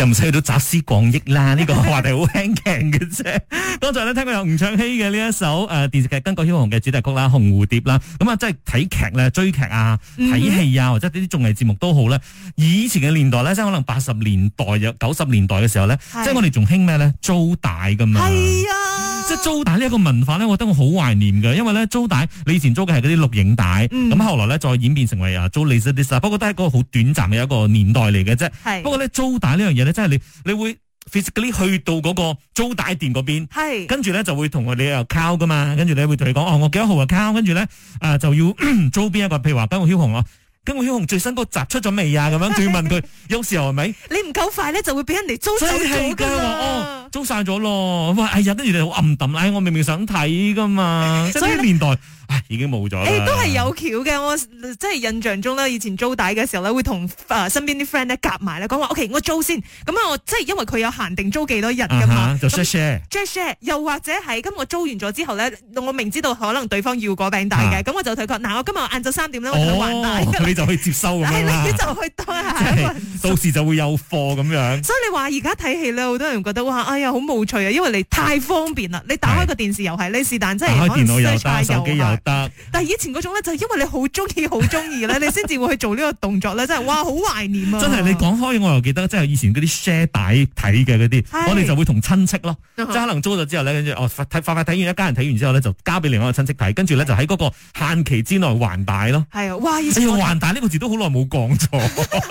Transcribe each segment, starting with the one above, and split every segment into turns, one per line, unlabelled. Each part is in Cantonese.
又唔使去到集思廣益啦，呢、這個話題好輕嘅啫。剛才咧聽過有吳卓羲嘅呢一首誒、呃、電視劇《巾幗梟雄》嘅主題曲啦，《紅蝴蝶》啦。咁啊，即係睇劇咧、追劇啊、睇戲啊，或者呢啲綜藝節目都好啦。以前嘅年代咧，即係可能八十年代又九十年代嘅時候咧，是即係我哋仲興咩咧？租帶㗎嘛。即租帶呢一個文化咧，我覺得我好懷念嘅，因為咧，租帶你以前租嘅係嗰啲錄影帶，咁、嗯、後來咧再演變成為啊租利是利，不過都係嗰個好短暫嘅一個年代嚟嘅啫。係是不過咧，租帶呢樣嘢咧，真係你你會 fit 嗰啲去到嗰個租帶店嗰邊，係跟住咧就會同哋又交噶嘛，跟住你會同你講哦，我幾多號啊交，跟住咧啊就要咳咳租邊一個，譬如話《金我囍鴻》啊。聽過《英雄》最新嗰集出咗未啊？咁樣的就要問佢。有時候係咪？
你唔夠快咧，就會俾人哋租曬
咗㗎。租晒咗咯。喂，哎呀，跟住你好暗揼啦，哎。我明明想睇噶嘛。即係呢年代。 已經冇咗誒，都係
有橋嘅。我即係印象中咧，以前租帶嘅時候咧，會同身邊啲 friend 咧夾埋咧講話，OK，我租先。咁啊，我即係因為佢有限定租幾多日噶嘛。就 share share，又或者係咁我租完咗之後咧，我明知道可能對方要嗰餅帶嘅，咁我就退佢嗱，我今日晏晝三點咧，我想還帶。咁你就可以接收。係，你就去當下。到
時就會有貨咁樣。
所以你話而家睇戲咧，好多人都覺得哇，哎呀，好無趣啊，因為你太方便啦。你打開個電視又係，你是但真係，但但以前嗰種咧就係、是、因為你好中意好中意咧，你先至會去做呢個動作咧， 真係哇好懷念啊！真係你
講開我又記得，真係以前嗰啲 share 帶睇嘅嗰啲，是我哋就會同親戚咯，即可能租咗之後咧，跟住哦快快快睇完，一家人睇完之後咧就交俾另外一個親戚睇，跟住咧就喺嗰個限期之內還帶咯。係啊，哇！哎呀，還帶呢個字都好耐冇講咗，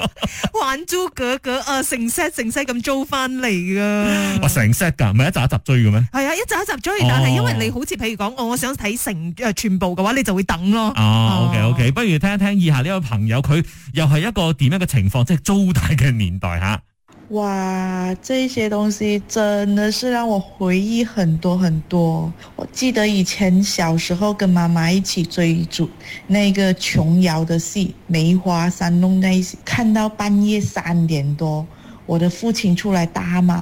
還 租哥哥、呃、成成成租啊，成 set 成 set 咁租翻嚟
噶，成 set 噶，唔係一集一集追嘅咩？
係啊，一集一集追，但係因為你好似譬、哦、如講，我想睇成、呃、全。報嘅話你就會等咯。哦，OK OK，
不如聽一聽以下呢位朋友，佢又係一個點樣嘅情況，即、就、係、是、糟大嘅年代吓。
哇，這些東西真的是讓我回憶很多很多。我記得以前小時候跟媽媽一起追住那個瓊瑤的戲《梅花三弄》那，看到半夜三點多，我的父親出來打嘛。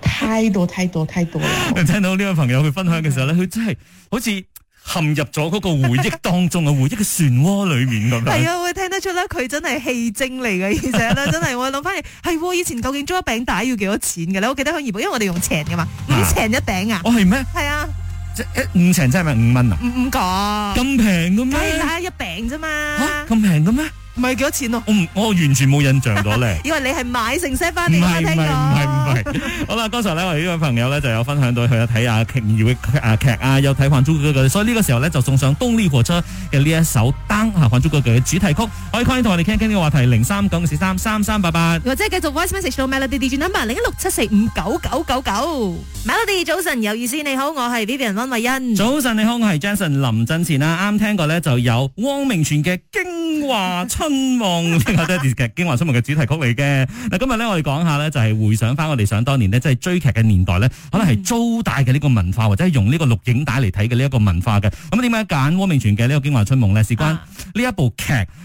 太多太多太多
啦！我聽到呢位朋友去分享嘅時候咧，佢真係好似陷入咗嗰個回憶當中嘅回憶嘅漩渦裏面咁樣。係啊，
會聽得出啦，佢真係戲精嚟嘅，而且咧真係我諗翻嚟係以前究竟租一餅帶要幾多錢嘅咧？我記得喺二部，因為我哋用錢噶嘛，五錢一餅啊！我係咩？係啊，
即五錢即係咪五蚊啊？五
五個咁平嘅咩？一餅啫嘛
咁平嘅咩？唔係幾多錢咯？我唔，我完全冇印象咗咧。
以為你係買成 set 翻嚟聽㗎。唔係唔係唔
係唔係。好啦，剛才咧，我哋呢位朋友咧就有分享到佢有睇啊瓊瑤嘅啊劇啊，有睇《還珠格格》，所以呢個時候咧就送上《東尼火車》嘅呢一首單嚇《還珠格格》嘅主題曲。可以快啲同我哋傾傾呢個話題，零三九四三三三八八。
或者繼續 voice message 到 Melody D D 轉 number 零一六七四五九九九九。Melody 早晨有意思，你好，我係 Vivian 溫慧欣。早晨你好，我係 Jason 林振前啦。
啱聽過咧就有汪明荃嘅《京華春》。 春夢，呢個都係電視劇《京華春夢》嘅主題曲嚟嘅。嗱，今日咧我哋講下咧，就係回想翻我哋想當年呢，即、就、係、是、追劇嘅年代咧，可能係租帶嘅呢個文化，或者係用呢個錄影帶嚟睇嘅呢一個文化嘅。咁點解揀汪明荃嘅呢個《京華春夢》咧？事關呢一部劇，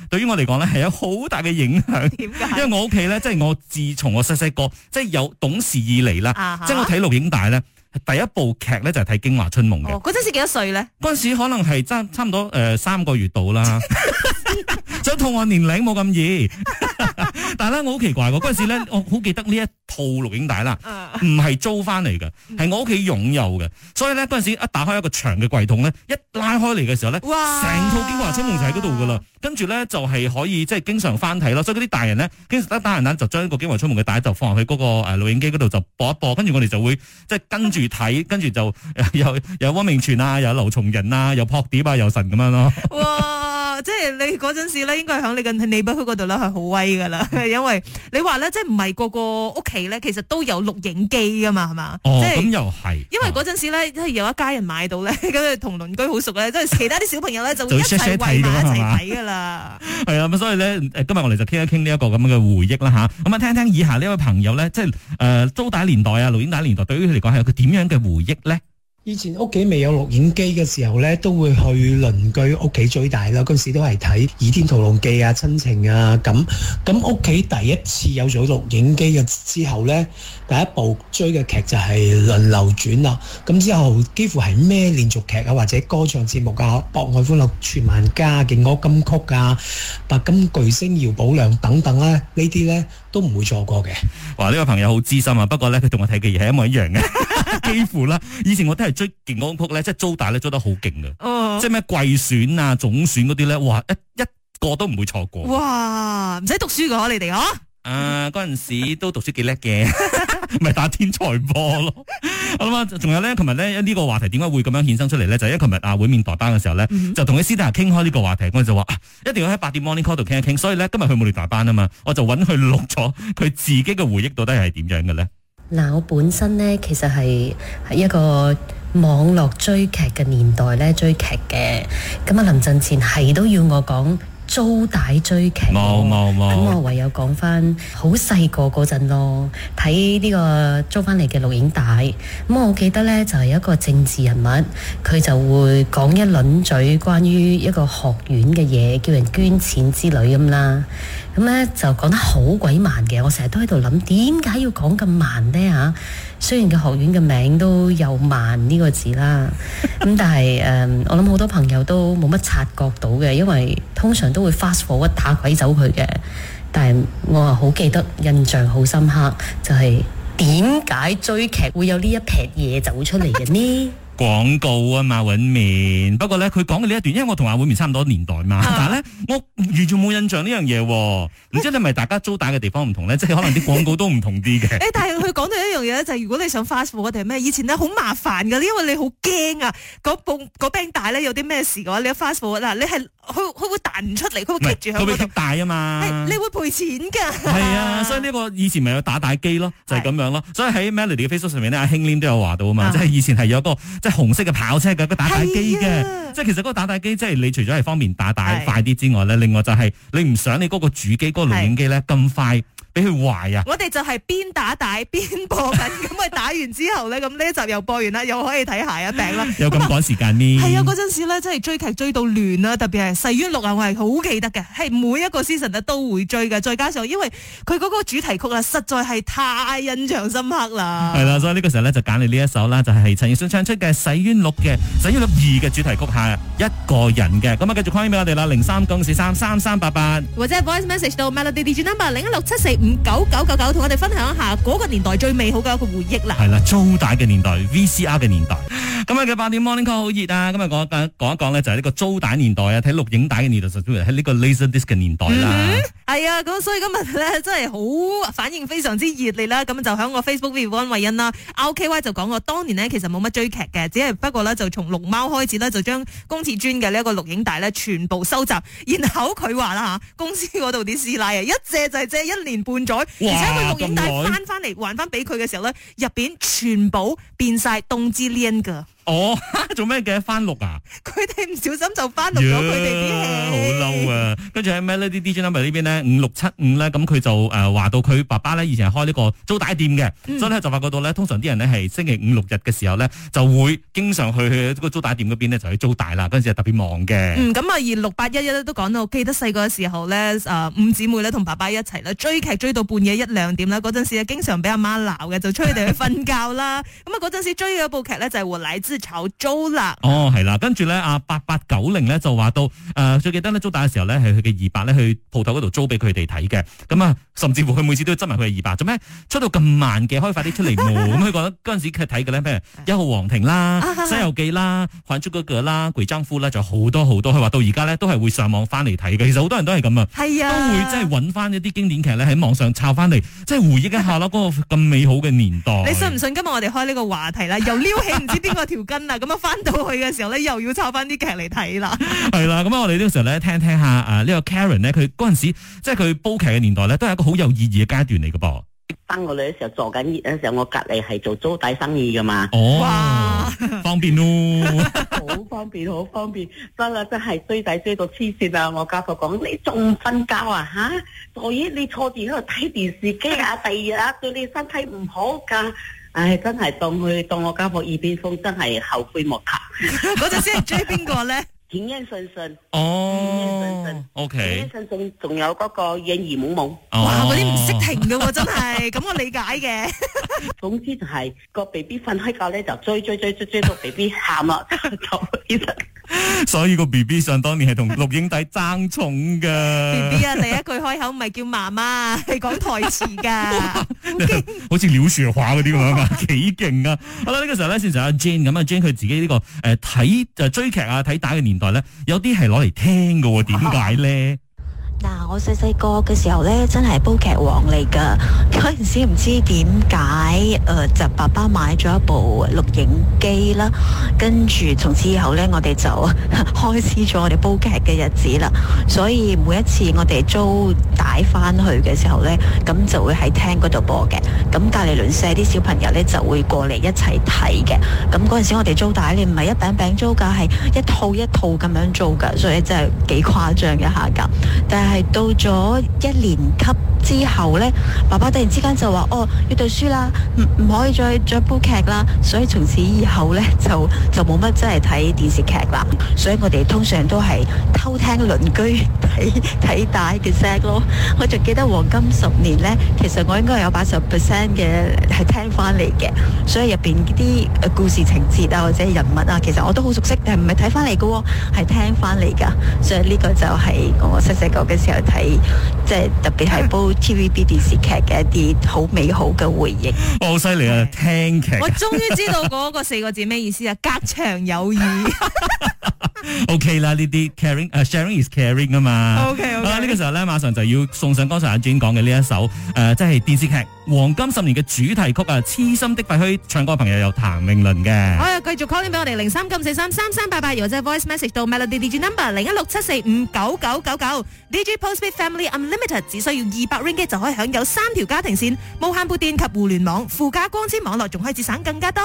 對於我嚟講咧係有好大嘅影響。點解？因為我屋企咧，即係我，我自從我細細個，即、就、係、是、有懂事以嚟啦，即係、啊、哈我睇錄影帶咧，第一部劇咧就係睇《京華春夢》嘅。
嗰陣、哦、時幾多歲咧？嗰陣時可能係差唔
多誒三個月到啦。 想套我年齡冇咁易， 但係咧我好奇怪喎。嗰 時咧，我好記得呢一套錄影帶啦，唔係租翻嚟嘅，係我屋企擁有嘅。所以咧嗰陣時一打開一個長嘅櫃桶咧，一拉開嚟嘅時候咧，成哇套《京華春夢》就喺嗰度噶啦。跟住咧就係可以即係經常翻睇咯。所以嗰啲大人咧，經常一打完彈就將一個《京華春夢》嘅帶就放落去嗰個誒錄影機嗰度就播一播。跟住我哋就會即係跟住睇，跟住就有有汪明荃啊，有劉松仁啊，有樸碟啊，有神咁樣咯。哇
即係你嗰陣時咧，應該係響你嘅 neighbourhood 嗰度咧，係好威噶啦。因為你話咧，即係唔係個個屋企咧，其實都有錄影機噶嘛，係嘛？哦，咁是又係是。因為嗰陣時咧，都係有一家人買到咧，咁啊同鄰 居好熟咧，即係其他啲小朋友咧就一齊圍埋一齊睇
噶啦。係啊，咁所以咧，今日我哋就傾一傾呢一個咁樣嘅回憶啦吓。咁啊，聽一聽以下呢位朋友咧，即係誒、呃，租帶年代啊，錄影帶年代，年代對於佢嚟講係有個點樣嘅回憶咧？以前屋企未有錄影機嘅時候呢，都會去鄰居屋企追大啦。嗰陣時都係睇《倚天屠龍記》啊、親情啊咁。咁屋企第一次有咗錄影機嘅之後呢，第一部追嘅劇就係、是《輪流轉》啦、啊。咁之後幾乎係咩連續劇啊，或者歌唱節目啊，《博愛歡樂傳萬家》、《勁歌金曲》啊，《白金巨星》、姚寶良等等咧、啊，呢啲呢都唔會錯過嘅。哇！呢、這個朋友好知心啊，不過呢，佢同我睇嘅嘢係一模一樣嘅。 幾乎啦，以前我都係追勁歌金曲咧，即係租帶咧租得好勁嘅，哦、即係咩季選啊、總選嗰啲咧，哇一一,一個都唔會錯過。
哇，唔使讀書噶、啊，你哋嗬、啊
誒、呃，嗰陣時都讀書幾叻嘅，咪 打天才波咯。好諗啊，仲有咧，琴日咧呢個話題點解會咁樣衍生出嚟咧？就係、是、因為琴日啊會面代班嘅時候咧，嗯、哼就同阿師弟傾開呢個話題，我哋就話、啊、一定要喺八點 morning call 度傾一傾。所以咧今日佢冇嚟代班啊嘛，我就揾佢錄咗佢自己嘅回憶，到底係點樣嘅咧？
嗱、啊，我本身咧，其實係一個網絡追劇嘅年代咧，追劇嘅。咁啊，臨陣前係都要我講租帶追劇，冇冇冇。咁我唯有講翻好細個嗰陣咯，睇呢個租翻嚟嘅錄影帶。咁、嗯、我記得咧，就係、是、一個政治人物，佢就會講一輪嘴關於一個學院嘅嘢，叫人捐錢之類咁啦。咁咧就講得好鬼慢嘅，我成日都喺度諗點解要講咁慢呢？嚇？雖然個學院嘅名都有慢呢個字啦，咁但係誒、呃，我諗好多朋友都冇乜察覺到嘅，因為通常都會 fast forward 打鬼走佢嘅。但係我啊好記得印象好深刻，就係點解追劇會有呢一撇嘢走出嚟嘅
呢？ 廣告啊嘛，韻面。不過咧，佢講嘅呢一段，因為我同阿韻面差唔多年代嘛。 但係咧，我完全冇印象呢樣嘢。唔、欸、知你咪大家租帶嘅地方唔同咧，即係可能啲廣告都唔同啲嘅。誒，
但係佢講到一樣嘢咧， 就係、如果你想 fast forward 定係咩？以前咧好麻煩㗎，因為你好驚啊。嗰部嗰餅帶咧有啲咩事嘅話，你 fast forward 嗱、啊，你係。佢佢會彈唔出嚟，佢會夾住，佢會夾帶啊嘛。係你會賠
錢噶。係 啊，所以呢個以前咪有打帶機咯，就係、是、咁樣咯。是所以喺 Melody 嘅 Facebook 上面咧，阿輕 Lim 都有話到、就是、啊嘛，即係以前係有個即係紅色嘅跑車嘅個打帶機嘅。即係其實嗰個打帶機即係你除咗係方便打帶快啲之外咧，是另外就係你唔想你嗰個主機嗰、那個錄影機咧咁快。俾佢壞啊！我
哋就係邊打帶邊播緊，咁啊打完之後咧，咁呢一集又播完啦，又可以睇下一柄啦。有咁
趕時間呢？係啊，嗰
陣時咧真係追劇追到亂啦，特別係《洗冤錄》啊，我係好記得嘅，係每一個 season 啊都會追嘅。再加上因為佢嗰個主題曲啊，實在係太印象深刻啦。係
啦，所以呢個時候咧就揀你呢一首啦，就係陳奕迅唱出嘅《洗冤錄》嘅《洗冤錄二》嘅主題曲，係一個人嘅。咁啊，繼續 call 翻俾我哋啦，零三九四三三三八八，
或者 voice message 到 melody number 零一六七四，五九九九九，同我哋分享一下嗰個年代最美好嘅一個回憶啦。
係啦，租帶嘅年代，VCR 嘅年代。今日嘅八點 morning call 好熱啊！今日講一講一講咧，就係呢個租帶年代啊，睇錄影帶嘅年代，就係喺呢個 laser disc 嘅年代啦。
係啊、嗯，咁、哎、所以今日咧真係好反應非常之熱烈啦。咁就喺我 Facebook Vivian 安慧欣啦，OKY 就講我當年呢其實冇乜追劇嘅，只係不過咧就從龍貓開始咧就將宮崎駿嘅呢一個錄影帶咧全部收集。然後佢話啦吓，公司嗰度啲師奶啊，一借就係借一年半。載，哇而且佢錄影帶翻翻嚟，還翻俾佢嘅時候咧，入邊全部變晒凍之靚噶。
哦，做咩嘅翻錄啊？
佢哋唔小心就翻錄咗佢哋啲戲，好
嬲，yeah，啊！跟住喺咩咧？啲 DJ 喺咪呢邊呢？五六七五咧，咁佢就誒話、呃、到佢爸爸咧以前係開呢個租帶店嘅，所以咧就發覺到咧，通常啲人咧係星期五六日嘅時候咧就會經常去個租帶店嗰邊咧就去租帶啦。嗰陣時係特別忙嘅。嗯，
咁啊而六八一一咧都講到，記得細個嘅時候咧，五姊妹咧同爸爸一齊追劇追到半夜一兩點啦，嗰陣時經常俾阿媽鬧嘅，就催佢哋去瞓覺啦。咁啊嗰陣時追嘅一部劇咧就係我來自潮州啦。
哦，係啦，跟住咧啊八八九零咧就話到誒最、呃、記得咧租帶嘅時候咧係去。嘅二八咧去鋪頭嗰度租俾佢哋睇嘅，咁啊，甚至乎佢每次都要執埋佢嘅二八做咩？出到咁慢嘅，開快啲出嚟冇，咁佢講嗰陣時佢睇嘅咧，譬如《一號皇庭》啦，啊《西遊記》啦，《還珠格格》啦，《鬼丈夫》啦，就好多好多。佢話到而家咧都係會上網翻嚟睇嘅，其實好多人都係咁啊，都會即係揾翻一啲經典劇咧喺網上抄翻嚟，即係回憶一下啦嗰個咁美好嘅年代。 你信唔信？
今日我哋開呢個話題咧，又撩起唔知邊個條
筋啊？咁啊，翻到去嘅時候咧，又要抄翻啲劇嚟睇啦。係啦，咁我哋呢個時候咧聽聽下啊呢。Karen 咧，佢嗰陣時即係佢煲劇嘅年代咧，都係一個好有意義嘅階段嚟噶噃。
生我女嘅時候坐緊熱，嗰時候我隔籬係做租底生意噶嘛。哦，
哇方便咯，好
方便，好方便。得啦，真
係衰仔追到黐線啊！我家婆講：你仲瞓覺啊？吓、啊，所以你坐住喺度睇電視機啊，第二日、啊、對你身體唔好噶。唉、哎，真係當佢當我家婆耳邊風，真係後悔莫及。嗰陣時追邊個咧？ 應應順順哦，應應順順，O K，應應順順，仲有嗰個嬰兒懵懵，哇，嗰啲唔識停噶，真係，咁 我理解嘅。 總之就係個 B B 瞓開覺咧，就追追追追追到 B B 喊啊，就其實。
所以個 B B 上當年係同錄影帶爭寵噶，B B 啊第一
句開口唔係叫媽媽，係講台詞噶，
好似鳥說話嗰啲咁樣啊嘛，幾勁 啊！好啦，呢、這個時候咧，先實阿 Jane 咁啊，Jane 佢自己呢、這個誒睇就追劇啊睇打嘅年代咧，有啲係攞嚟聽噶，點解咧？
嗱、啊，我細細個嘅時候咧，真係煲劇王嚟噶。嗰陣時唔知點解，誒、呃、就爸爸買咗一部錄影機啦，跟住從此以後咧，我哋就呵呵開始咗我哋煲劇嘅日子啦。所以每一次我哋租帶返去嘅時候咧，咁就會喺廳嗰度播嘅。咁隔籬鄰舍啲小朋友咧就會過嚟一齊睇嘅。咁嗰陣時我哋租帶，你唔係一餅餅租噶，係一套一套咁樣租噶，所以真係幾誇張一下噶。但係但係到咗一年級之後咧，爸爸突然之間就話：哦，要讀書啦，唔唔可以再再煲劇啦。所以從此以後咧，就就冇乜真係睇電視劇啦。所以我哋通常都係偷聽鄰居睇睇大嘅聲咯。我仲記得黃金十年咧，其實我應該有八十 percent 嘅係聽翻嚟嘅。所以入邊啲故事情節啊，或者人物啊，其實我都好熟悉，但係唔係睇翻嚟嘅，係聽翻嚟噶。所以呢個就係我細細個嘅。嘅時候睇，即係特別係煲 TVB 電視劇嘅一啲好美好嘅回憶，我 好犀利啊！聽劇、啊， 我終於知道
嗰個四個字咩意思啊！隔牆有耳。
O Okay , K、okay. 啦，呢啲 caring，誒、呃、sharing is caring okay, okay. 啊嘛。O K，好啦，呢個時候咧，馬上就要送上剛才阿、啊、展講嘅呢一首，誒、呃，即係電視劇《黃金十年》嘅主題曲啊，《痴心的廢墟》，唱歌朋友有譚詠麟嘅。好
啊，繼續 call 你俾我哋零三九四三三三八八，或者 voice message 到 Melody D J number 零一六七四五九九九九。DJ Postpaid Family Unlimited 只需要二百 ringgit 就可以享有三條家庭線、無限撥電及互聯網、附加光纖網絡，仲可以節省更加多。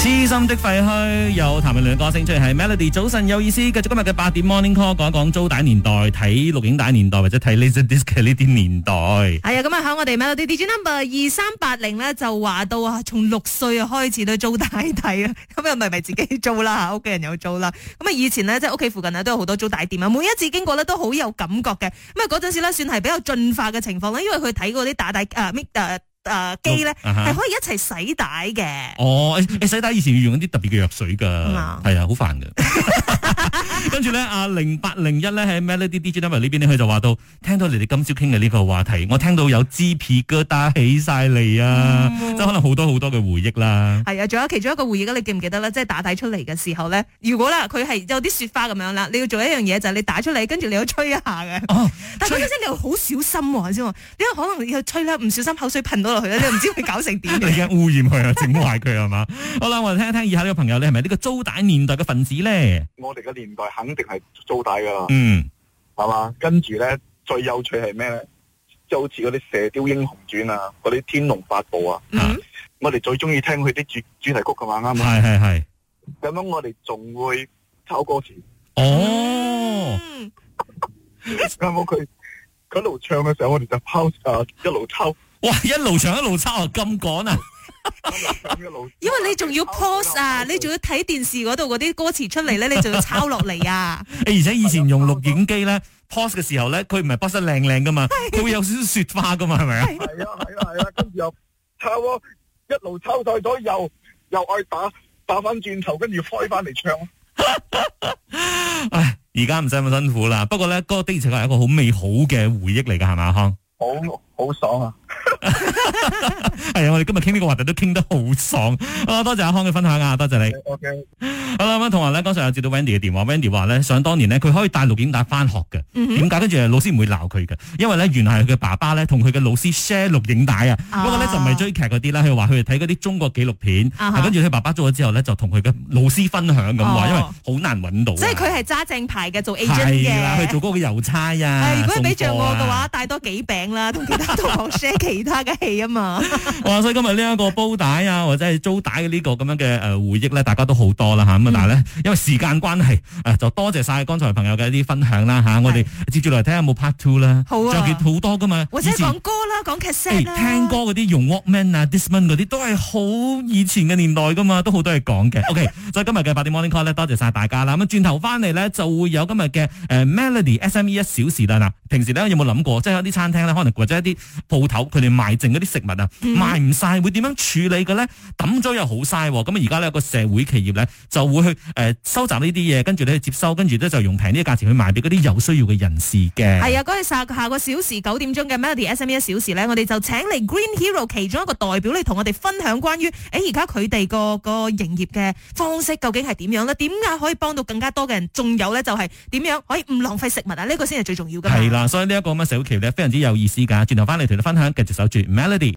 痴心的廢墟有譚詠麟嘅歌聲出係 Melody 早晨有意思繼續今日嘅八點 Morning Call 講一講租帶年代睇錄影帶年代或者睇 Laserdisc 呢啲年代
係啊咁啊響我哋 MelodyDJ number 二三八零咧就話到啊從六歲啊開始都租帶睇啊咁又咪咪自己租啦吓屋企人又租啦咁啊以前咧即係屋企附近咧都有好多租帶店啊每一次經過咧都好有感覺嘅咁啊嗰陣時咧算係比較進化嘅情況啦因為佢睇過啲帶帶啊咩啊誒，機咧係可以一齊洗帶
嘅。哦，你、欸、洗帶以前要用一啲特別嘅藥水噶，係、嗯、啊，好煩噶。
跟住咧，阿
零八零一咧喺 Melody DJ 呢邊咧，佢就話到，聽到你哋今朝傾嘅呢個話題，我聽到有雞皮疙瘩起晒嚟啊，即係、嗯、可能好多好多嘅回憶啦。
係啊，仲有其中一個回憶你記唔記得咧？即、就、係、是、打帶出嚟嘅時候咧，如果啦佢係有啲雪花咁樣啦，你要做一樣嘢就係、是、你打出嚟，跟住你要吹一下嘅。哦，但係嗰陣你又好小心先、啊，因為可能要吹啦，唔小心口水噴到。你
唔 知佢搞成點嘅，你而家污染佢啊，整壞佢係嘛？好啦， right, 我哋聽一聽以下呢個朋友，你係咪呢個租帶年代嘅分子咧？我哋嘅年代肯定係租帶噶啦，嗯，係嘛？跟住咧，最有趣係咩咧？即好似嗰啲《射雕英雄傳》啊，嗰啲《天龍八部》啊，嗯、啊，啊、我哋最中意聽佢啲主主題曲噶嘛，啱唔啱？係係係，咁樣我哋仲會抄歌詞。哦，啱唔啱？佢佢一路唱嘅時候，我哋就拋啊一路抄。哇！一路唱一路抄趕啊，咁趕啊！
因為你仲要 pause 啊， 你仲要睇電視嗰度嗰啲歌詞出嚟咧，你就要抄落嚟啊！
而且以前用錄影機咧 pause, e 嘅時候咧，佢唔係不失靚靚噶嘛，佢 會有少少雪花噶嘛，係咪 啊？係啊
係啊係啊！啊啊啊啊 跟住又抄，一路抄到咗又又愛打打翻轉頭，跟住開翻嚟唱。
唉、 哎，而家唔使咁辛苦啦。不過咧，嗰、嗰個的確係一個好美好嘅回憶嚟噶，係咪？好，好爽啊！係啊， 我哋今日傾呢個話題都傾得好爽。啊，多謝阿康嘅分享啊，多謝你。Okay. 好啦，咁同埋咧，剛才有接到 Wendy 嘅電話，Wendy 話咧，想當年呢，佢可以帶錄影帶返學嘅，點解、mm hmm.？跟住老師唔會鬧佢嘅，因為咧，原來係佢爸爸咧同佢嘅老師 share 錄影帶啊。不過咧就唔係追劇嗰啲啦，佢話佢哋睇嗰啲中國紀錄片，跟住佢爸爸做咗之後咧就同佢嘅老師分享咁話，uh huh. 因為好難搵到、啊。即係
佢係揸正牌嘅做 agent 啦，去做
嗰個郵差啊。如果俾着我嘅話，帶多幾餅啦，同
其他同學 share 其他嘅戲啊。
嘛，哇！所以今日呢一個煲帶啊，或者係租帶嘅呢個咁樣嘅誒回憶咧，大家都好多啦嚇咁啊！但係咧，因為時間關係，誒就多謝曬剛才朋友嘅一啲分享啦嚇，我哋接住落嚟睇下有冇 part two 啦，仲有幾好多噶嘛，或者講
歌啦，講劇 set 啦，聽歌
嗰啲用 Walkman 啊、Discman 嗰啲都係好以前嘅年代噶嘛，都好多嘢講嘅。OK，所以今日嘅八點 Morning Call 咧，多謝曬大家啦咁啊！轉頭翻嚟咧就會有今日嘅誒 Melody SME 一小時啦嗱，平時咧有冇諗過即係有啲餐廳咧，可能或者一啲鋪頭佢哋賣剩嗰啲食食物啊，嗯、賣唔晒會點樣處理嘅咧？抌咗又好晒。咁而家呢個社會企業咧就會去誒、呃、收集呢啲嘢，跟住你去接收，跟住咧就用平啲嘅價錢去賣俾嗰啲有需要嘅人士嘅。係
啊，嗰日下下個小時九點鐘嘅 Melody SME 一小時咧，我哋就請你 Green Hero 其中一個代表嚟，同我哋分享關於誒而家佢哋個個營業嘅方式究竟係點樣咧？點解可以幫到更加多嘅人？仲有咧就係點樣可以唔浪費食物啊？呢、這個先係最重要嘅。係啦，
所以呢一個咁嘅社會企業非常之有意思噶。轉頭翻嚟，同你分享，繼續守住 Melody